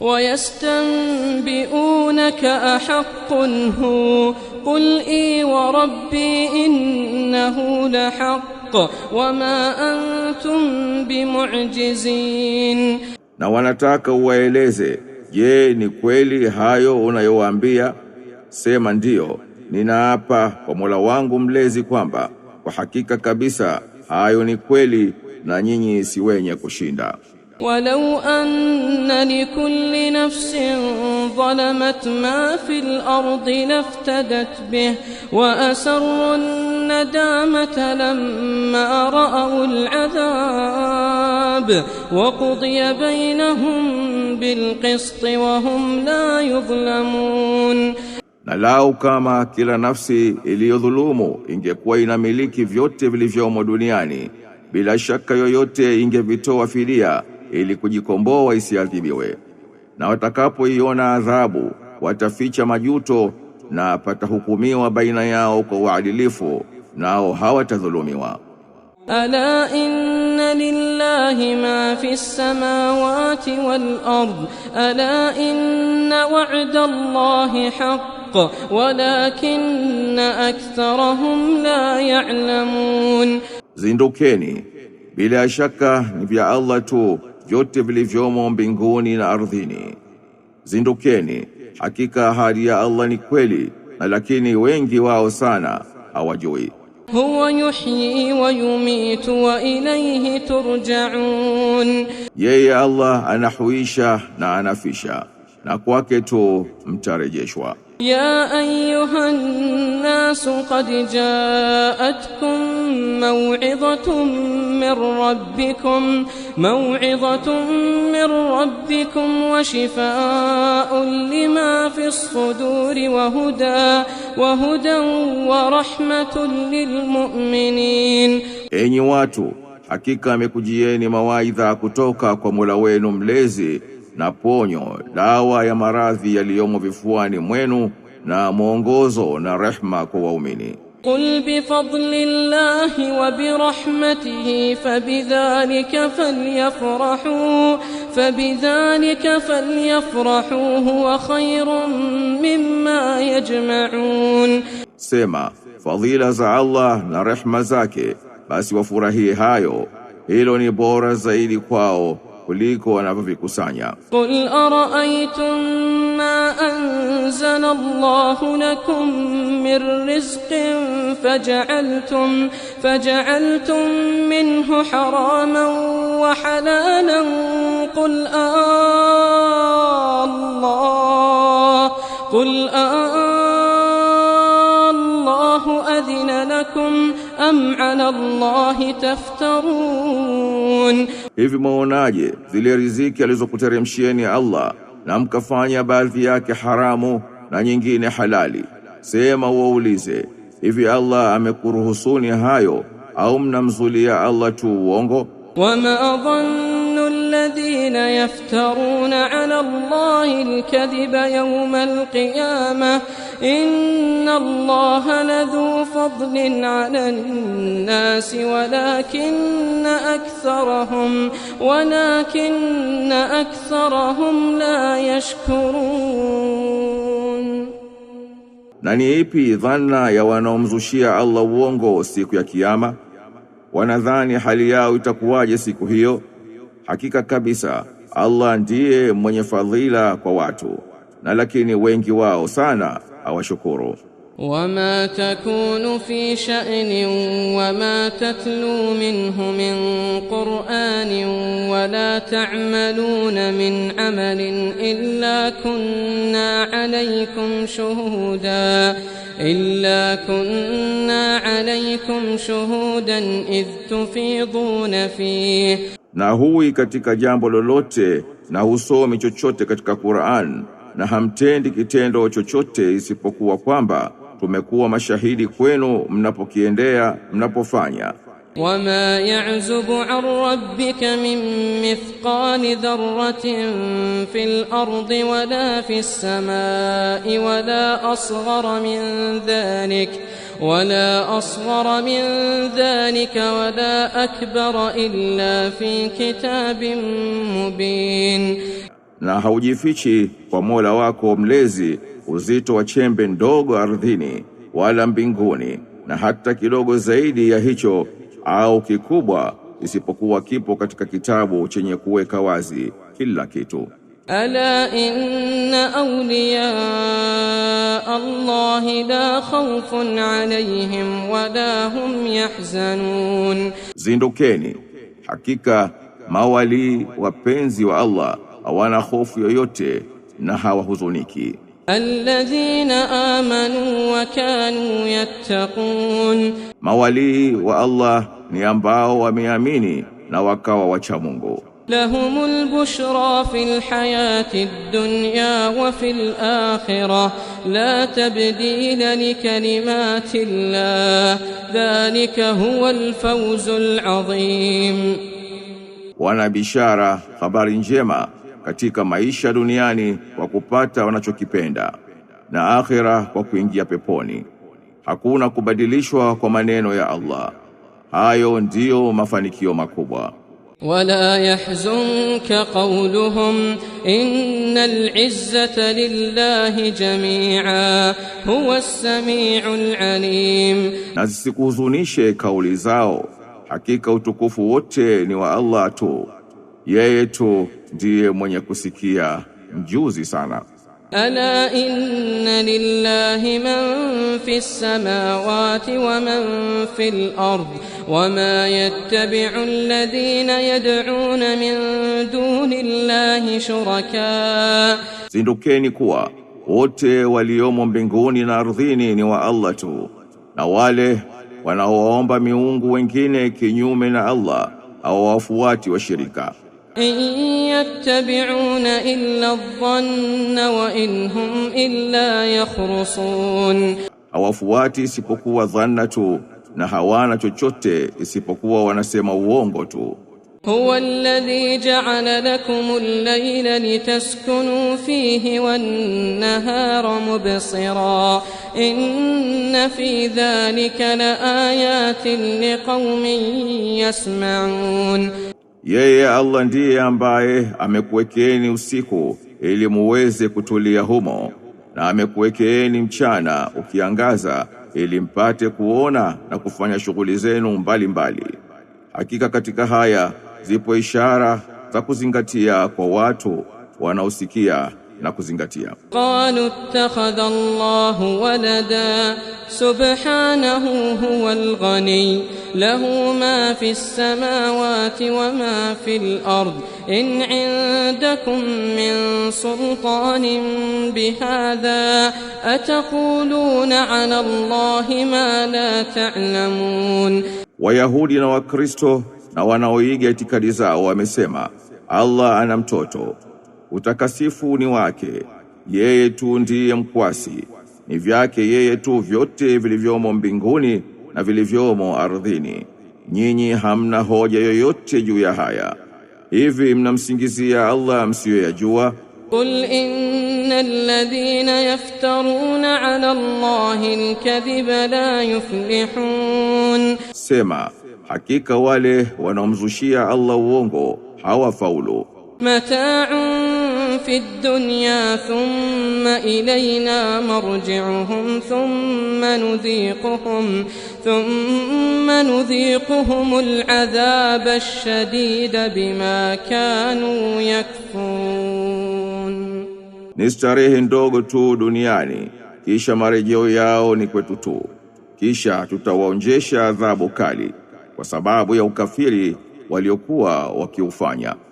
ويستنبئونك أحق هو قل إي وربي إنه لحق وما أنتم بمعجزين na wanataka uwaeleze je ni kweli hayo unayowaambia sema ndiyo ninaapa kwa Mola wangu mlezi kwamba kwa hakika kabisa hayo ni kweli na nyinyi si wenye kushinda ولو أن لكل نفس ظلمت ما في الأرض لافتدت به وأسروا الندامة لما رأوا العذاب وقضي بينهم بالقسط وهم لا يظلمون na lau kama kila nafsi iliyodhulumu ingekuwa inamiliki vyote vilivyomo duniani bila shaka yoyote ingevitoa fidia ili kujikomboa isiadhibiwe. Na watakapoiona adhabu wataficha majuto na patahukumiwa baina yao kwa uadilifu, nao hawatadhulumiwa. Ala inna lillahi ma fi samawati wal ard ala inna wa'da Allahi haqq walakinna aktharahum la ya'lamun, zindukeni, bila shaka ni vya Allah tu vyote vilivyomo mbinguni na ardhini. Zindukeni, hakika ahadi ya Allah ni kweli, na lakini wengi wao sana hawajui. Huwa yuhyi wa yumitu wa ilayhi turjaun, yeye Allah anahuisha na anafisha, na kwake tu mtarejeshwa. يا أيها الناس قد جاءتكم موعظة من ربكم موعظة من ربكم وشفاء لما في الصدور وهدى وهدى ورحمة للمؤمنين Enyi watu, hakika amekujieni mawaidha kutoka kwa Mola wenu mlezi na ponyo, dawa ya maradhi yaliyomo vifuani mwenu na mwongozo na rehma kwa waumini. Qul bi fadli fadlillahi wa bi rahmatihi fa fabidhalika falyafrahu fa fabidhalika falyafrahu huwa khayrun mimma yajma'un, sema fadhila za Allah na rehma zake, basi wafurahie hayo, hilo ni bora zaidi kwao kuliko wanavyovikusanya. Qul ara'aytum ma anzala Allahu lakum min rizqin faj'altum faj'altum minhu haraman wa halalan qul Allah qul Allahu adhina lakum am 'ala Allahi taftarun Hivi mwaonaje zile riziki alizokuteremshieni Allah na mkafanya baadhi yake haramu na nyingine halali? Sema waulize, hivi Allah amekuruhusuni hayo au mnamzulia Allah tu uongo? wama dhannu alladhina yaftaruna ala Allahi alkadhiba yawma alqiyamah إن الله لذو فضل على الناس ولكن أكثرهم ولكن أكثرهم لا يشكرون Na ni ipi dhana ya wanaomzushia Allah uongo siku ya kiyama? Wanadhani hali yao itakuwaje siku hiyo? Hakika kabisa Allah ndiye mwenye fadhila kwa watu, na lakini wengi wao sana awashukuru. Wama takunu fi sha'nin wama tatlu minhu min Qur'anin wala ta'maluna min amalin illa kunna alaykum shuhuda إلا كنا عليكم شهودا إذ تفيضون فيه, na hui katika jambo lolote na husomi chochote katika Qur'an na hamtendi kitendo chochote isipokuwa kwamba tumekuwa mashahidi kwenu mnapokiendea mnapofanya. وما يعزب عن ربك من مثقال ذرة في الأرض ولا في السماء ولا أصغر من ذلك ولا أصغر من ذلك ولا أكبر إلا في كتاب مبين na haujifichi kwa Mola wako mlezi uzito wa chembe ndogo ardhini wala mbinguni na hata kidogo zaidi ya hicho au kikubwa, isipokuwa kipo katika kitabu chenye kuweka wazi kila kitu. Ala inna awliya Allah la khawfun alayhim wa la hum yahzanun, zindukeni, hakika mawali wapenzi wa Allah hawana hofu yoyote na hawahuzuniki. Alladhina amanu wa kanu yattaqun, mawalii wa Allah ni ambao wameamini na wakawa wacha Mungu. Lahumul bushra fil hayati dunya wa fil akhirah la tabdila li kalimati llah dhalika huwal fawzul azim, wana bishara habari njema katika maisha duniani kwa kupata wanachokipenda na akhira kwa kuingia peponi. Hakuna kubadilishwa kwa maneno ya Allah. Hayo ndiyo mafanikio makubwa. Wala yahzunka qawluhum innal izzata lillahi jamia huwa as-sami'ul alim, na zisikuhuzunishe kauli zao, hakika utukufu wote ni wa Allah tu yeye tu ndiye mwenye kusikia mjuzi sana. Ala inna lillahi man fis samawati wa man fil ard wa ma yattabi'u alladhina yad'un min duni llahi shuraka, zindukeni kuwa wote waliomo mbinguni na ardhini ni wa Allah tu na wale wanaowaomba miungu wengine kinyume na Allah au hawawafuati washirika. إن يتبعون إلا الظن وإن هم إلا يخرصون أوفواتي isipokuwa dhanna نهوانة na hawana chochote isipokuwa هو الذي جعل لكم الليل لتسكنوا فيه والنهار مبصرا إن في ذلك لآيات لقوم يسمعون Yeye Allah ndiye ambaye amekuwekeeni usiku ili muweze kutulia humo, na amekuwekeeni mchana ukiangaza ili mpate kuona na kufanya shughuli zenu mbalimbali. Hakika katika haya zipo ishara za kuzingatia kwa watu wanaosikia na kuzingatia. Qalu ittakhadha Allahu walada subhanahu huwal ghani lahu ma fi samawati wa ma fil ard in indakum min sultanin bihadha ataquluna ala Allahi ma la ta'lamun, Wayahudi na Wakristo na wanaoiga itikadi zao wamesema Allah ana mtoto utakasifu ni wake, yeye tu ndiye mkwasi, ni vyake yeye tu vyote vilivyomo mbinguni na vilivyomo ardhini. Nyinyi hamna hoja yoyote juu ya haya, hivi mnamsingizia Allah msiyoyajua? Qul innal ladhina yaftaruna ala Allahi al-kadhiba la yuflihun, sema hakika wale wanaomzushia Allah uongo hawafaulu. Mata'un في الدنيا ثم إلينا مرجعهم ثم نذيقهم ثم نذيقهم العذاب الشديد بما كانوا يكفرون ni starehe ndogo tu duniani kisha marejeo yao ni kwetu tu kisha tutawaonjesha adhabu kali kwa sababu ya ukafiri waliokuwa wakiufanya